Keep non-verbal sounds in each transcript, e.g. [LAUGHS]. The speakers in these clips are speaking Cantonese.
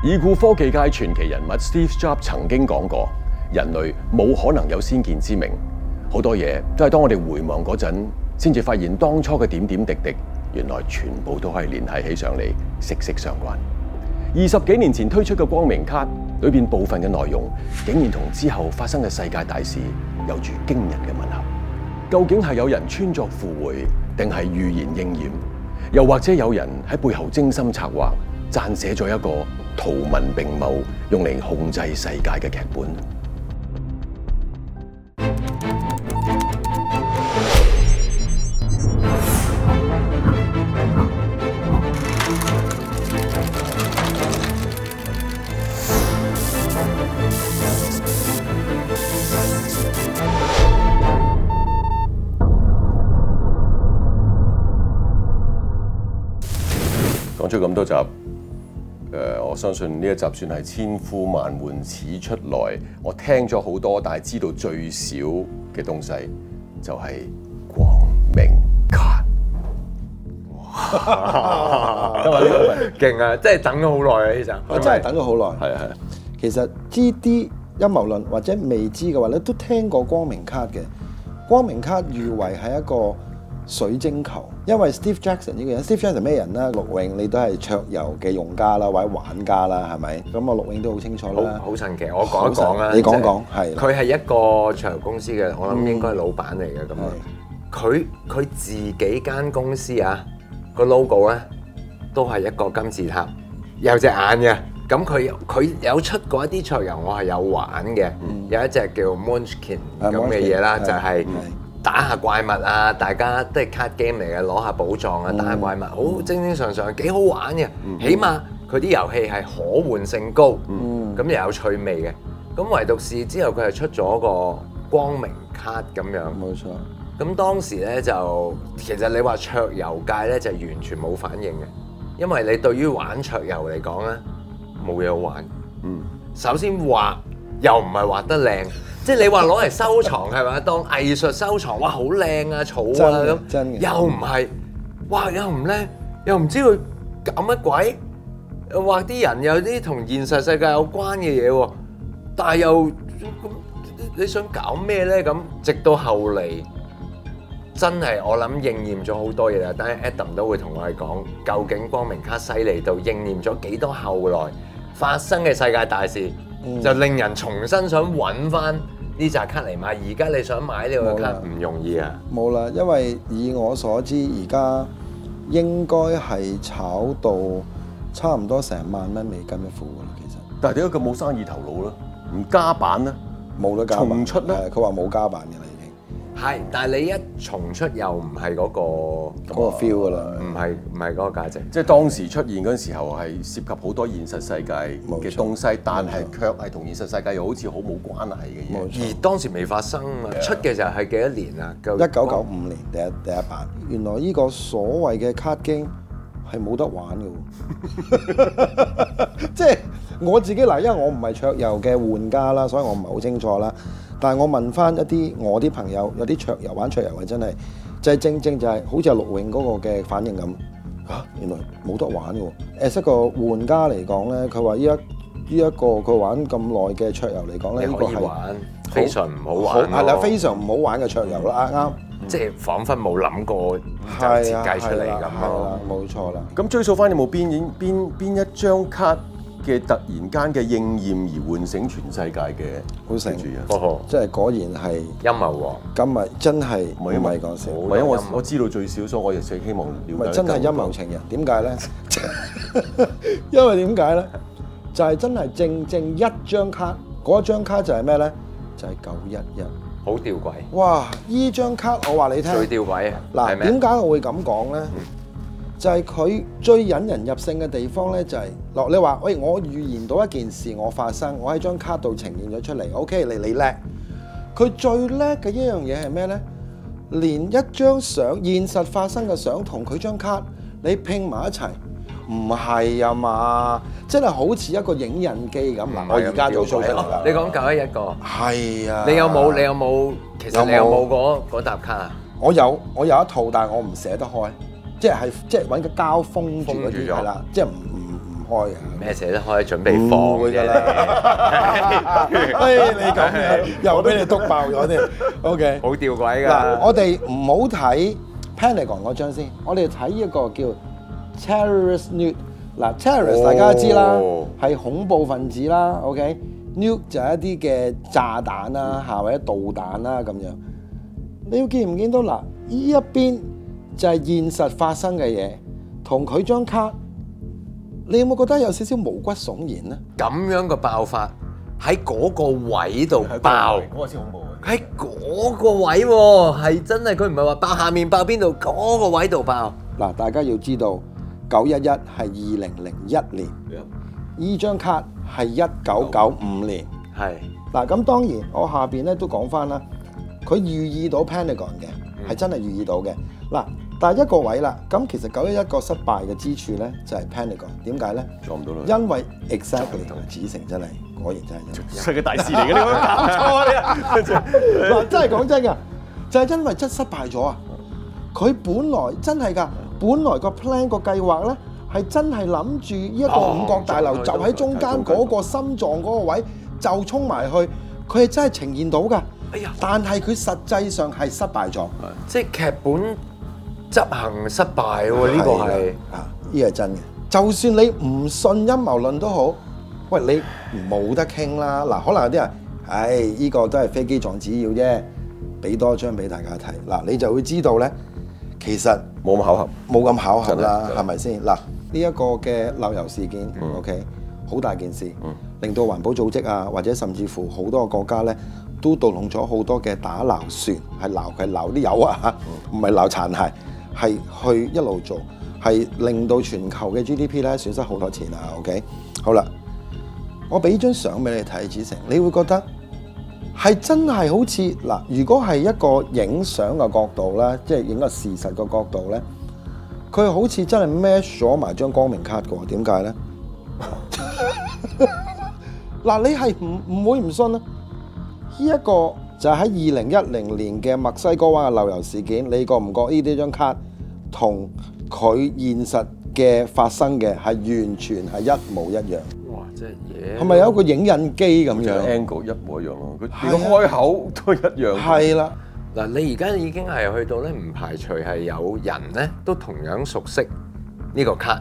已故科技界傳奇人物 Steve Jobs 曾經講過：人類冇可能有先見之明，好多嘢都係當我哋回望嗰陣，先至發現當初嘅點點滴滴，原來全部都可以聯繫起上嚟，息息相關。二十幾年前推出嘅光明卡裏邊部分嘅內容，竟然同之後發生嘅世界大事有住驚人嘅吻合。究竟係有人穿鑿附會，定係預言應驗？又或者有人喺背後精心策劃？撰寫咗一個圖文並茂、用嚟控制世界嘅劇本。講咗咁多集。誒，我相信呢一集算係千呼萬喚始出來。我聽咗好多，但係知道最少嘅東西就係光明卡。哇！勁 [LAUGHS] 啊，即係等咗好耐啊呢集。我真係等咗好耐。係啊係啊。其實知啲陰謀論或者未知嘅話咧，你都聽過光明卡嘅。光明卡譽為係一個水晶球。因為 Steve Jackson 呢個人，Steve Jackson 咩人咧？陸永你都係桌遊嘅用家啦，或者玩家啦，係咪？咁我陸永都好清楚啦。好神奇，我講一講啦、就係，你講講，係。佢係一個桌遊公司嘅，我諗應該係老闆嚟嘅，咁佢佢自己間公司啊，個 logo 咧都係一個金字塔，有一隻眼嘅。咁佢佢有出過一啲桌遊，我係有玩嘅、嗯，有一隻叫 Munchkin 咁嘅嘢啦，Munchkin，就係、係。打下怪物啊！大家都係卡 game 嚟嘅，攞下寶藏啊，打下怪物，好、哦哦、正正常常幾好玩嘅、嗯。起碼佢啲遊戲係可玩性高，咁、嗯嗯、又有趣味嘅。咁唯獨是之後佢係出咗個光明卡咁樣，冇錯。咁當時咧就其實你話桌遊界咧就完全冇反應嘅，因為你對於玩桌遊嚟講咧冇嘢玩。嗯，首先畫又唔係畫得靚。即係你話攞嚟收藏係咪？當藝術收藏，哇，好靚啊，草啊咁，又唔係，哇，又唔靚，又唔知佢搞乜鬼，話啲人有啲同現實世界有關嘅嘢喎，但係又咁你想搞咩咧？咁直到後嚟，真係我諗應驗咗好多嘢啦。但係 Adam 都會同我哋講，究竟光明卡犀利到應驗咗幾多後來發生嘅世界大事，就令人重新想揾翻。呢紮卡嚟買，而家你想買呢個卡唔容易啊！冇啦，因為以我所知，而家應該係炒到差唔多成萬蚊美金一副嘅啦，其實。但係點解佢冇生意頭腦咧？唔加版咧？冇得加，重出咧？佢話冇加版嘅啦。係，但係你一重出又唔係嗰個嗰、嗰個 feel 噶啦，唔係唔係嗰個價值。即係、即係、當時出現嗰陣時候係涉及好多現實世界嘅東西，但係卻係同現實世界又好似好冇關係嘅嘢。而當時未發生，出嘅時候係幾多年啊？一九九五年第一第一版，原來呢個所謂嘅卡經係冇得玩嘅。即 [LAUGHS] 係 [LAUGHS] 我自己嗱，因為我唔係桌遊嘅玩家啦，所以我唔係好清楚啦。但係我問翻一啲我啲朋友，有啲桌遊玩桌遊啊，真係就係、是、正正就係好似阿陸永嗰個嘅反應咁嚇，原來冇得玩喎！誒，識個玩家嚟講咧，佢話依一依一、呢個佢玩咁耐嘅桌遊嚟講咧，呢個係非常唔好玩，係、這、啦、個，非常唔好玩嘅桌遊啦，啱，啱、嗯，即、就、係、是、彷彿冇諗過就設計出嚟咁咯，冇錯啦。咁追溯翻，你冇邊演，邊邊一張卡？嘅突然間嘅應驗而喚醒全世界嘅好成住啊，即係果然係陰，陰謀，今日真係。每係陰謀講事，唔因為我我知道最少所，我亦最希望真。唔係真陰謀情人，點解咧？ [LAUGHS] 因為點解咧？就係、是、真係正正一張卡，嗰張卡就係咩咧？就係九一一，好吊詭。哇！依張卡我話你聽，最吊詭啊！嗱，點解我會咁講咧？嗯就係、是、佢最引人入勝嘅地方咧，就係、是、落你話喂，我預言到一件事，我發生，我喺張卡度呈現咗出嚟，OK，你你叻。佢最叻嘅一樣嘢係咩咧？連一張相，現實發生嘅相同佢張卡，你拼埋一齊，唔係啊嘛，真係好似一個影印機咁啊！我而家做數學你講九一一個，係啊，你有冇你有冇其實你有冇嗰沓卡啊？我有我有一套，但係我唔捨得開。即係即係揾個膠封住嗰啲嘢啦，即係唔唔唔開嘅。咩事都開，準備放嘅啦。你咁 [LAUGHS] 又俾你篤爆咗添。 [LAUGHS] OK，好吊詭㗎。嗱，我哋唔好睇 Pentagon 嗰張先，我哋睇一個叫 Terrorist Nuke 嗱，Terrorist 大家知啦，係、哦、恐怖分子啦。o k、okay、Nuke 就係一啲嘅炸彈啊，或者導彈啦、啊、咁樣。你要見唔見到嗱？依一邊。就係、是、現實發生嘅嘢，同佢張卡，你有冇覺得有少少毛骨悚然呢？咁樣嘅爆發喺嗰個位度爆，喺嗰個位先，那個、恐怖喺嗰位喎，係真係佢唔係話爆下面爆邊度，嗰、那個位度爆。嗱，大家要知道，九一一係二零零一年，呢、yeah. 張卡係一九九五年，係嗱，咁當然我下邊咧都講返啦，佢預示到 Pentagon 嘅係、mm. 真係預示到嘅嗱。但係一個位啦，咁其實九一一個失敗嘅之處咧，就係 Pentagon 嘅。點解咧？做唔到啦。因為 exactly 同子誠真係果然真係出色嘅大師嚟嘅，你唔錯嗱，真係講真啊，就係、是、因為真失敗咗啊！佢本來真係噶，本來個 plan 個計劃咧，係真係諗住呢一個五角大樓就喺中間嗰個心臟嗰個位就衝埋去，佢係真係呈現到噶。哎呀！但係佢實際上係失敗咗，即係劇本。執行失敗喎，呢個係啊，呢、這、係、個啊、真嘅。就算你唔信陰謀論都好，喂，你冇得傾啦。嗱、啊，可能有啲人，唉、哎，呢、這個都係飛機撞紙要啫。俾多張俾大家睇，嗱、啊，你就會知道咧，其實冇咁巧合，冇咁巧合啦，係咪先？嗱，呢一、啊這個嘅漏油事件、嗯、，OK，好大件事，嗯、令到環保組織啊，或者甚至乎好多國家咧，都動用咗好多嘅打撈船，係撈佢撈啲油啊，唔係撈殘骸。係去一路做，係令到全球嘅 GDP 咧，損失好多錢啊！OK，好啦，我俾張相俾你睇，子誠，你會覺得係真係好似嗱，如果係一個影相嘅角度咧，即係影個事實嘅角度咧，佢好似真係 match 咗埋張光明卡嘅喎？點解咧？嗱， [LAUGHS] 你係唔唔會唔信啊？呢、這、一個就係喺二零一零年嘅墨西哥灣嘅漏油事件，你有有覺唔覺呢？呢張卡？同佢現實嘅發生嘅係完全係一模一樣。哇！即係係咪有一個影印機咁樣？個 angle 一模一樣，佢如果開口都一樣的。係啦，嗱，你而家已經係去到咧，唔排除係有人咧都同樣熟悉呢個卡。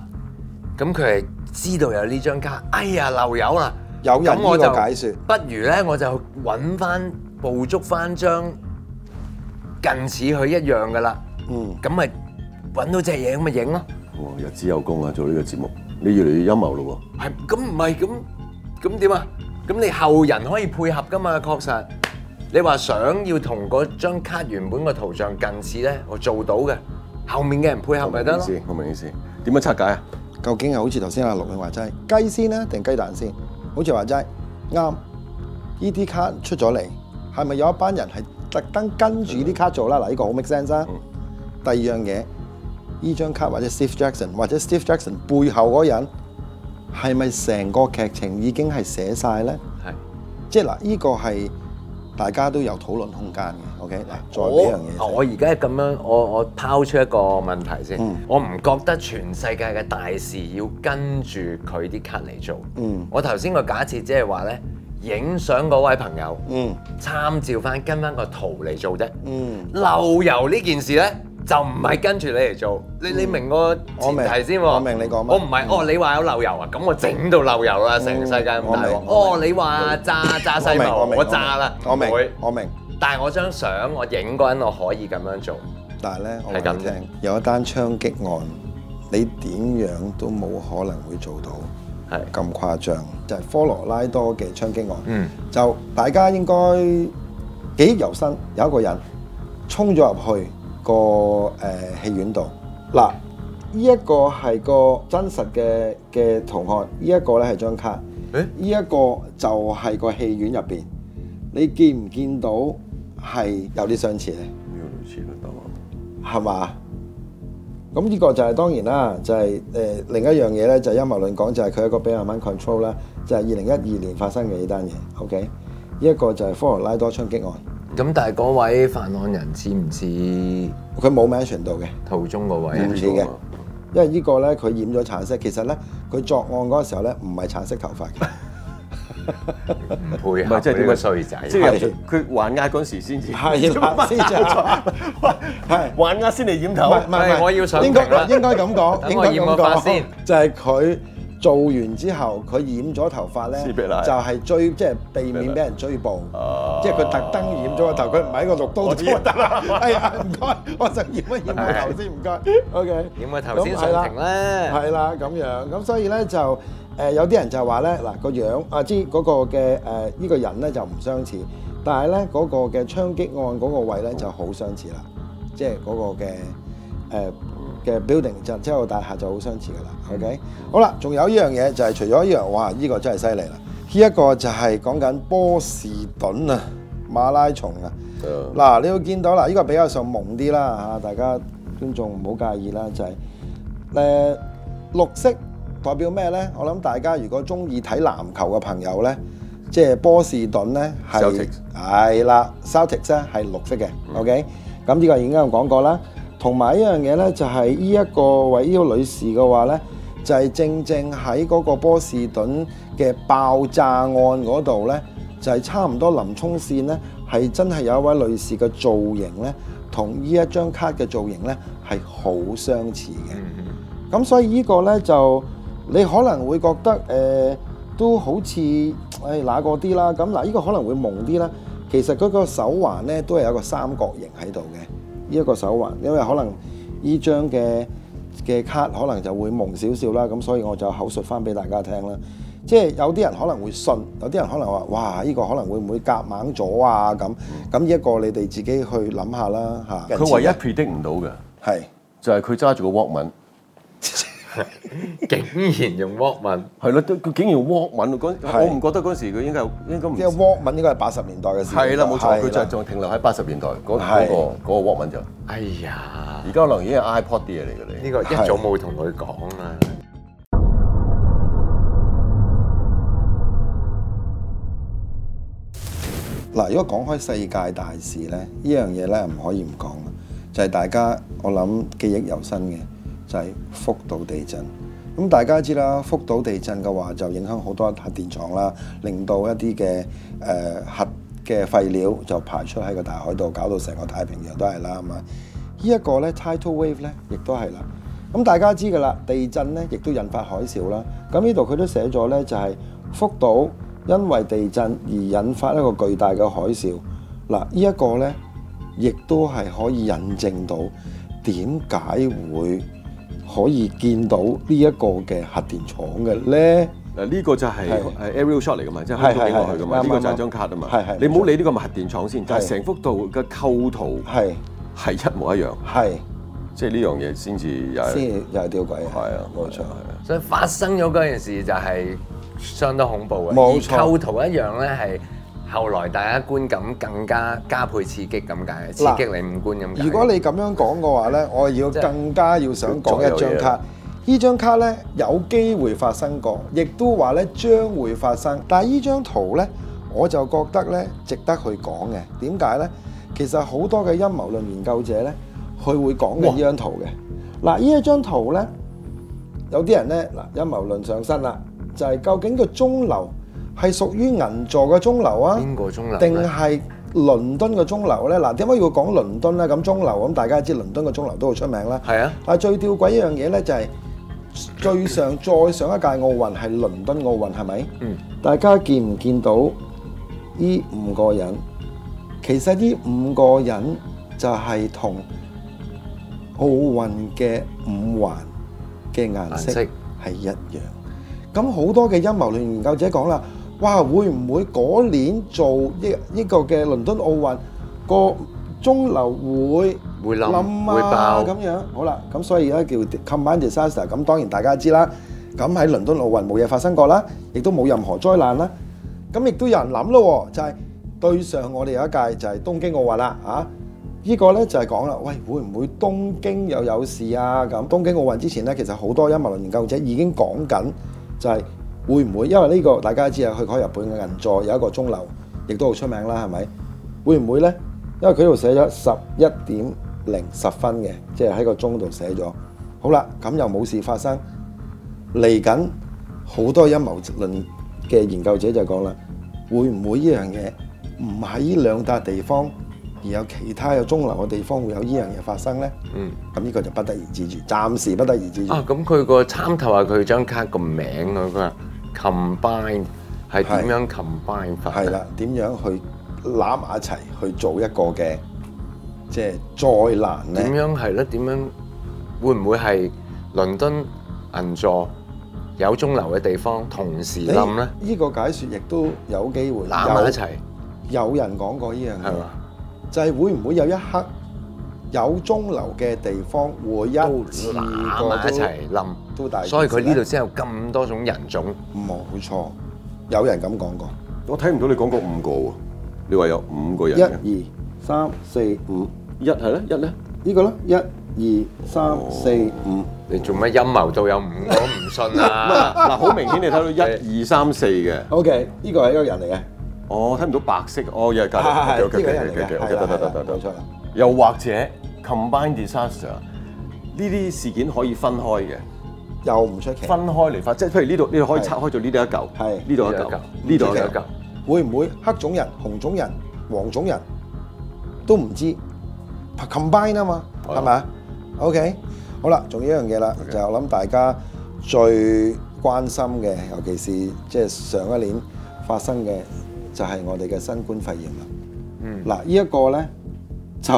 咁佢係知道有呢張卡。哎呀，漏油啦！有人我就、這個、解釋不如咧，我就揾翻捕捉翻張近似佢一樣噶啦。嗯，咁咪。揾到隻嘢咁咪影咯。哇！日子有功啊，做呢個節目，你越嚟越陰謀咯喎。係咁唔係咁咁點啊？咁你後人可以配合噶嘛？確實，你話想要同嗰張卡原本個圖像近似咧，我做到嘅。後面嘅人配合咪得咯？明唔明意思？明唔明意思？點樣拆解啊？究竟係好似頭先阿陸永話齋雞先咧定雞蛋先？好似話齋啱呢啲卡出咗嚟，係咪有一班人係特登跟住啲卡做啦？嗱，呢個好 make sense 啊。第二樣嘢。呢張卡或者 Steve Jackson 或者 Steve Jackson 背後嗰人係咪成個劇情已經係寫晒咧？係，即係嗱，依個係大家都有討論空間嘅。OK，嗱，再俾樣嘢。我而家咁樣，我我拋出一個問題先、嗯。我唔覺得全世界嘅大事要跟住佢啲卡嚟做。嗯，我頭先個假設即係話咧，影相嗰位朋友，嗯，參照翻跟翻個圖嚟做啫。嗯，漏油呢件事咧？就唔係跟住你嚟做，你你明個前提先喎。我明你講乜？我唔係，哦，你話有漏油啊？咁我整到漏油啦，成世界咁大鑊。我明。哦，你話炸炸西馬，我炸啦。我明。我明。但係我張相我影嗰陣，我可以咁樣做。但係咧，我係咁聽。有一單槍擊案，你點樣都冇可能會做到係咁誇張，就係科羅拉多嘅槍擊案。嗯。就大家應該記憶猶新，有一個人衝咗入去。個誒戲、呃、院度嗱，呢一、這個係個真實嘅嘅同學，這個、呢一個咧係張卡，誒、欸，呢、這、一個就係個戲院入邊，你見唔見到係有啲相似咧？要似得係嘛？咁呢個就係、是、當然啦，就係、是、誒、呃、另一樣嘢咧，就係陰謀論講就係、是、佢一個比較難 control 啦，就係二零一二年發生嘅呢單嘢。OK，呢一個就係科羅拉多槍擊案。咁但係嗰位犯案人似唔似？佢冇 mention 到嘅，圖中嗰位。唔似嘅，因為個呢個咧佢染咗橙色。其實咧佢作案嗰時候咧唔係橙色頭髮嘅，唔 [LAUGHS] 配合你，即係點啊衰仔！即係佢還押嗰時先至，係啊，冇錯，係還押先嚟染頭。唔 [LAUGHS] 係， [LAUGHS] 唔係，我要上鏡啦，應該應該咁講，應該咁講。 [LAUGHS] [LAUGHS] 就係、是、佢。做完之後，佢染咗頭髮咧，就係、係、追即係、就係、避免俾人追捕。哦，即係佢特登染咗個頭，佢唔係一個綠刀子。我知啦，係啊，唔 [LAUGHS] 該、 [LAUGHS] 哎，我就染一、啊、染個頭先，唔該。OK，染個頭先上庭咧，係啦，咁樣咁，所以咧就誒有啲人就話咧嗱個樣啊，知嗰個嘅誒呢個人咧就唔相似，但係咧嗰個嘅槍擊案嗰個位咧就好相似啦，即係嗰個嘅誒。呃嘅 building 就即係大廈就好相似噶啦，OK？、Mm -hmm. 好啦，仲有一樣嘢就係、是、除咗依樣，哇！呢、這個真係犀利啦。呢、這、一個就係講緊波士頓啊馬拉松啊。嗱、uh -huh.，你會見到啦，呢、這個比較上蒙啲啦嚇，大家觀眾唔好介意啦。就係、是、誒、呃、綠色代表咩咧？我諗大家如果中意睇籃球嘅朋友咧，即、就、係、是、波士頓咧係係啦，Celtics 咧係綠色嘅、mm -hmm.，OK？咁呢個已經有講過啦。同埋一樣嘢咧，就係、是、呢一個位呢個女士嘅話咧，就係、是、正正喺嗰個波士頓嘅爆炸案嗰度咧，就係、是、差唔多林沖線咧，係真係有一位女士嘅造型咧，同呢一張卡嘅造型咧係好相似嘅。咁所以個呢個咧就你可能會覺得誒、呃、都好似誒嗰個啲啦。咁嗱，呢個可能會蒙啲啦。其實佢個手環咧都係有個個三角形喺度嘅。呢一個手環，因為可能呢張嘅嘅卡可能就會蒙少少啦，咁所以我就口述翻俾大家聽啦。即係有啲人可能會信，有啲人可能話，哇，呢個可能會唔會夾硬咗啊？咁咁呢一個你哋自己去諗下啦嚇。佢唯一 predict 唔到嘅係就係佢揸住個 walkman。 [LAUGHS] 竟然用 walkman，係咯，佢竟然用 walkman。我唔覺得嗰時佢應該係應該唔。即係 walkman 應該係八十年代嘅事。係啦，冇錯，佢仲仲停留喺八十年代嗰嗰 w 嗰個 walkman 就。那個、哎呀！而家可能已經係 iPod 啲嘢嚟嘅，你呢個一早冇同佢講啊。嗱，如果講開世界大事咧，呢樣嘢咧唔可以唔講，就係、是、大家我諗記憶猶新嘅。就係、是、福島地震，咁大家知啦。福島地震嘅話就影響好多核電廠啦，令到一啲嘅、呃、核嘅廢料就排出喺個大海度，搞到成個太平洋都係啦。咁啊，一、這個呢 Tidal Wave 呢，亦都係啦。咁大家知噶啦，地震呢，亦都引發海嘯啦。咁呢度佢都寫咗呢，就係、是、福島因為地震而引發一個巨大嘅海嘯。嗱，呢一個呢，亦都係可以印證到點解會。可以見到呢一個嘅核電廠嘅咧，嗱、啊、呢、這個就係、是、係 Aerial Shot 嚟嘅嘛，即係空中影落去嘅嘛，呢、這個就係張卡啊嘛。係係，你唔好理呢個核電廠先，就係成幅圖嘅構圖係係一模一樣。係，即係呢樣嘢先至有先又係屌鬼，係、就是、啊，冇錯、啊，所以發生咗嗰件事就係相當恐怖嘅，冇錯，構圖一樣咧係。是後來大家觀感更加加倍刺激咁解，刺激你唔觀咁解。如果你咁樣講嘅話呢，我又要更加要想講一張卡。呢張卡呢，有機會發生過，亦都話呢將會發生。但係呢張圖呢，我就覺得呢值得去講嘅。點解呢？其實好多嘅陰謀論研究者呢，佢會講緊呢張圖嘅。嗱，呢一張圖呢，有啲人呢，嗱陰謀論上身啦，就係究竟個鐘樓，係屬於銀座嘅鐘樓啊？邊個鐘樓？定係倫敦嘅鐘樓咧？嗱，點解要講倫敦咧？咁鐘樓咁大家知，倫敦嘅鐘樓都好出名啦。係啊！但係最吊詭一樣嘢咧，就係最上再上一屆奧運係倫敦奧運係咪？嗯。大家見唔見到呢五個人？其實呢五個人就係同奧運嘅五環嘅顏色係一樣。咁好多嘅陰謀論研究者講啦。哇！會唔會嗰年做呢呢個嘅倫敦奧運個鐘樓會會冧、會爆咁樣？好啦，咁所以咧叫 command disaster。咁當然大家知啦。咁喺倫敦奧運冇嘢發生過啦，亦都冇任何災難啦。咁亦都有人諗咯，就係對上我哋有一屆就係東京奧運啦。啊，依個咧就係講啦，喂，會唔會東京又有事啊？咁東京奧運之前咧，其實好多陰謀論研究者已經講緊就係。會唔會？因為呢個大家知啊，去開日本嘅銀座有一個鐘樓，亦都好出名啦，係咪？會唔會咧？因為佢度寫咗十一點零十分嘅，即係喺個鐘度寫咗。好啦，咁又冇事發生。嚟緊好多陰謀論嘅研究者就講啦，會唔會呢樣嘢唔喺呢兩笪地方，而有其他有鐘樓嘅地方會有呢樣嘢發生咧？嗯，咁、這、呢個就不得而知住，暫時不得而知住。啊，咁佢個參透啊，佢張卡個名啊，佢話。combine 係點樣 combine 法嘅？係啦，點樣去攬埋一齊去做一個嘅，即係再難咧？點樣係咧？點樣會唔會係倫敦銀座有鐘樓嘅地方同時冧咧？呢個解説亦都有機會攬埋一齊。有人講過呢樣係嘛？就係、是、會唔會有一刻？有中流嘅地方會一次攬埋一齊冧，所以佢呢度先有咁多種人種。冇錯，有人咁講過。我睇唔到你講過五個喎，你話有五個人。一二三四五，一係咧？一咧？呢個咧？呢個咧？一二三四五。你做咩陰謀有都有五個？我唔信啊！嗱，好明顯你睇到一二三四嘅。O K，呢個係一個人嚟嘅。哦，睇唔到白色，哦又係隔離。呢個係一個人嚟嘅。得得得得得。冇錯。又或者 combine disaster，呢啲事件可以分開嘅，又唔出奇。分開嚟發，即係譬如呢度，呢度可以拆開做呢度一嚿，係呢度一嚿，呢度一嚿。會唔會黑種人、紅種人、黃種人都唔知，知 combine 啊嘛，係咪 OK 好啦，仲、okay? 有一樣嘢啦，就係我諗大家最關心嘅，尤其是即係上一年發生嘅，就係、是、我哋嘅新冠肺炎啦。嗯，嗱、這個，呢一個咧。就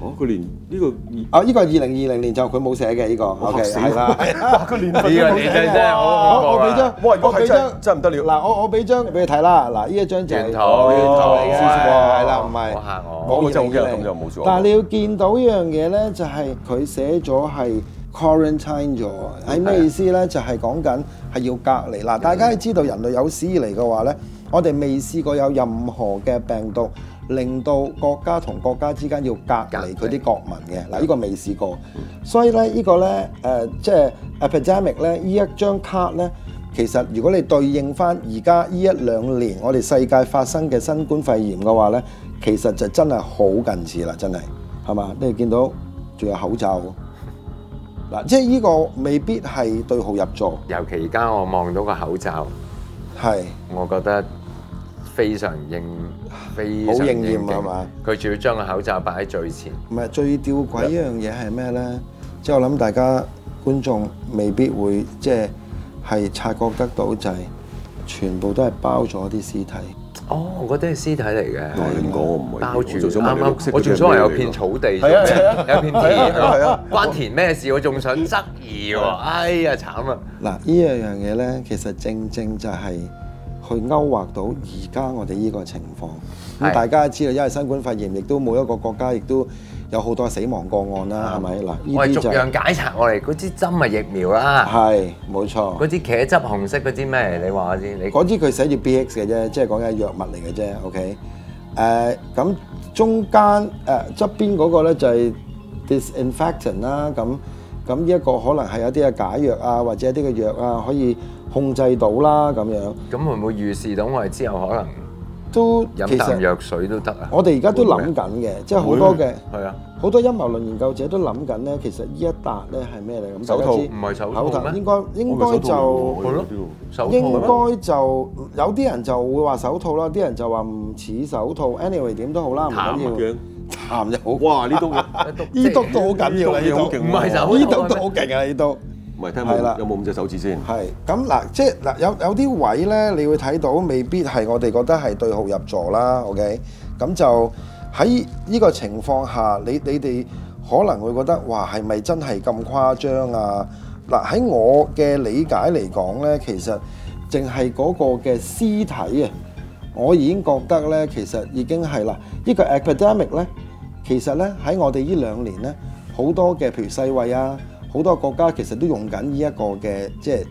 哦，佢連呢個啊，呢個係二零二零年就佢冇寫嘅呢個，O K，係啦，哇，個年代真係，我我俾張，哇，嗰張真係真係唔得了。嗱，我我俾張俾你睇啦。嗱，呢一張就鏡頭鏡頭嚟嘅，係啦，唔係。我嚇我，我真係今日咁就冇咗。但係你要見到一樣嘢咧，就係佢寫咗係 quarantine 咗，係咩意思咧？就係講緊係要隔離。嗱，大家知道人類有史以嚟嘅話咧，我哋未試過有任何嘅病毒。令到國家同國家之間要隔離佢啲國民嘅。嗱，呢個未試過，所以咧，呢個咧，誒即係 epidemic 咧，呢一張卡咧，其實如果你對應翻而家呢一兩年我哋世界發生嘅新冠肺炎嘅話咧，其實就真係好近似啦，真係係嘛？你見到仲有口罩嗱，即係呢個未必係對號入座，尤其而家我望到個口罩係，我覺得。非常認，非常認真係嘛？佢仲要將個口罩擺喺最前。唔係最吊詭一樣嘢係咩咧？即係、就是、我諗大家觀眾未必會即係係察覺得到就係、是、全部都係包咗啲屍體。哦，我覺得係屍體嚟嘅、啊啊。我唔會包住。啱啱我仲想問有片草地，啊啊、有片田，啊、啊、啊、啊關田咩事？我仲想質疑喎、啊。哎呀，慘啊！嗱，樣呢樣樣嘢咧，其實正正就係、是。去勾畫到而家我哋依個情況，咁大家知道，因為新冠肺炎亦都每一個國家亦都有好多死亡個案啦，係咪？嗱，我係逐樣解拆我哋嗰支針係疫苗啦，係冇錯。嗰支茄汁紅色嗰支咩？你話我知。嗰支佢寫住 BX 嘅啫，即係講緊嘅藥物嚟嘅啫。OK，誒咁中間誒側邊嗰個咧就係 disinfectant 啦。咁咁依一個可能係有啲嘅解藥啊，或者啲嘅藥啊可以。控制到啦，咁樣。咁會唔會預示到我哋之後可能都飲啖藥水都得啊？我哋而家都諗緊嘅，即係好多嘅，係啊，好多陰謀論研究者都諗緊咧。其實依一笪咧係咩嚟？手套唔係手套咩？應該應該就應該就有啲人就會話手套啦，啲人就話唔似手套。Anyway，點都好啦，唔緊要。探就好。哇！呢度嘅，呢度都好緊要啊！呢度唔係就呢度都好勁啊！呢度。唔係，聽下有冇五隻手指先。係咁嗱，即係嗱，有有啲位咧，你會睇到未必係我哋覺得係對號入座啦。OK，咁就喺呢個情況下，你你哋可能會覺得，哇，係咪真係咁誇張啊？嗱，喺我嘅理解嚟講咧，其實淨係嗰個嘅屍體啊，我已經覺得咧，其實已經係啦。這個、呢個 epidemic 咧，其實咧喺我哋呢兩年咧，好多嘅譬如世衛啊。好多國家其實都用緊呢一個嘅，即係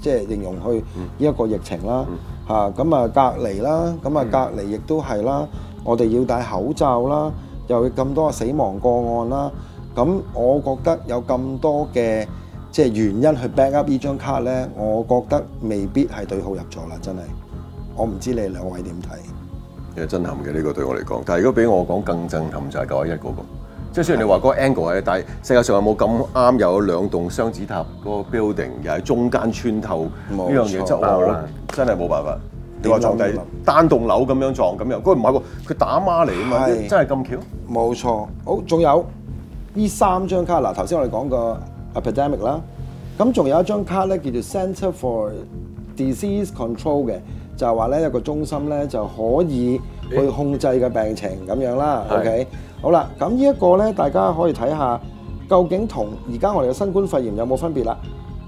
即係形容去呢一個疫情啦，吓咁啊隔離啦，咁啊隔離亦都係啦，我哋要戴口罩啦，又咁多死亡個案啦，咁我覺得有咁多嘅即係原因去 back up 呢張卡咧，我覺得未必係對號入座啦，真係。我唔知你兩位點睇？有震撼嘅呢個對我嚟講，但係如果俾我講更震撼就係九一一嗰個。即係雖然你話嗰個 angle 係，但係世界上有冇咁啱有兩棟雙子塔嗰個 building 又喺中間穿透呢樣嘢？真係冇辦法，你話撞底單棟樓咁樣撞咁又？嗰、嗰個唔係喎，佢打孖嚟啊嘛，真係咁巧？冇錯。好，仲有呢三張卡嗱，頭先我哋講過 epidemic 啦，咁仲有一張卡咧叫做 Center for Disease Control 嘅，就係話咧有個中心咧就可以去控制個病情咁、欸、樣啦。OK。好啦，咁呢一個呢，大家可以睇下，究竟同而家我哋嘅新冠肺炎有冇分別啦？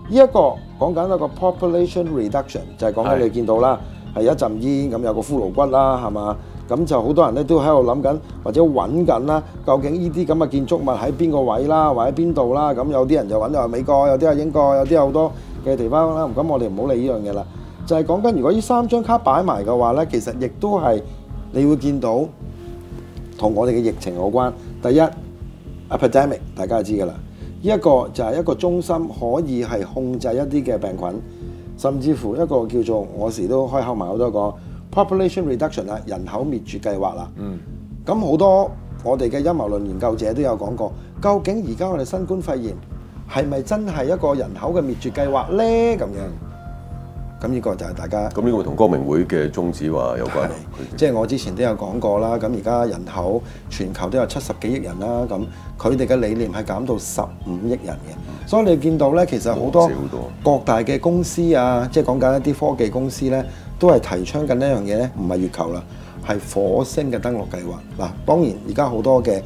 呢一個講緊一個 population reduction，就係講緊你見到啦，係一陣煙咁，有個骷髏骨啦，係嘛？咁就好多人呢都喺度諗緊，或者揾緊啦，究竟呢啲咁嘅建築物喺邊個位啦，或者邊度啦？咁有啲人就揾到話美國，有啲係英國，有啲好多嘅地方啦。咁我哋唔好理呢樣嘢啦，就係講緊如果呢三張卡擺埋嘅話呢，其實亦都係你會見到。同我哋嘅疫情有關，第一，epidemic 大家知㗎啦，呢一個就係一個中心可以係控制一啲嘅病菌，甚至乎一個叫做我時都開口埋好多個 population reduction 啦，人口滅絕計劃啦。嗯，咁好多我哋嘅陰謀論研究者都有講過，究竟而家我哋新冠肺炎係咪真係一個人口嘅滅絕計劃咧？咁樣。咁呢個就係大家咁呢個同光明會嘅宗旨話有關。即係我之前都有講過啦。咁而家人口全球都有七十幾億人啦。咁佢哋嘅理念係減到十五億人嘅。所以你見到呢，其實好多各大嘅公司啊，即係講緊一啲科技公司呢，都係提倡緊一樣嘢咧，唔係月球啦，係火星嘅登陸計劃。嗱，當然而家好多嘅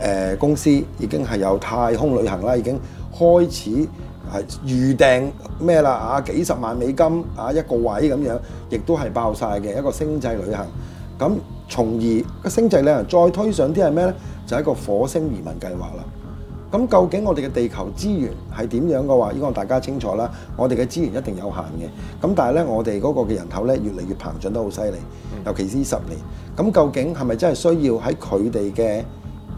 誒公司已經係有太空旅行啦，已經開始。係預訂咩啦啊？幾十萬美金啊一個位咁樣，亦都係爆晒嘅一個星際旅行。咁從而個星際旅行再推上啲係咩呢？就係一個火星移民計劃啦。咁究竟我哋嘅地球資源係點樣嘅話？呢個大家清楚啦。我哋嘅資源一定有限嘅。咁但係呢，我哋嗰個嘅人口呢，越嚟越膨脹得好犀利，尤其是呢十年。咁究竟係咪真係需要喺佢哋嘅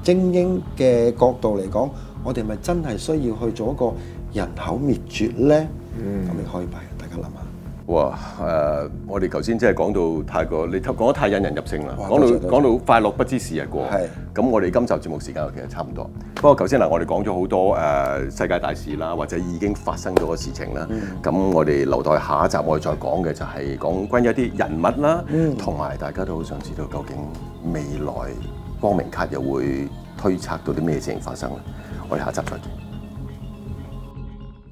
精英嘅角度嚟講，我哋咪真係需要去做一個？人口滅絕咧，可唔可以買？大家諗下。哇！誒、呃，我哋頭先即係講到泰國，你頭講得太引人入勝啦。講到講到快樂不知時日過。係。咁我哋今集節目時間其實差唔多。不過頭先嗱，我哋講咗好多誒、呃、世界大事啦，或者已經發生咗嘅事情啦。咁、嗯、我哋留待下一集我哋再講嘅就係講關於一啲人物啦，同、嗯、埋大家都好想知道究竟未來光明卡又會推測到啲咩事情發生咧、嗯。我哋下一集再見。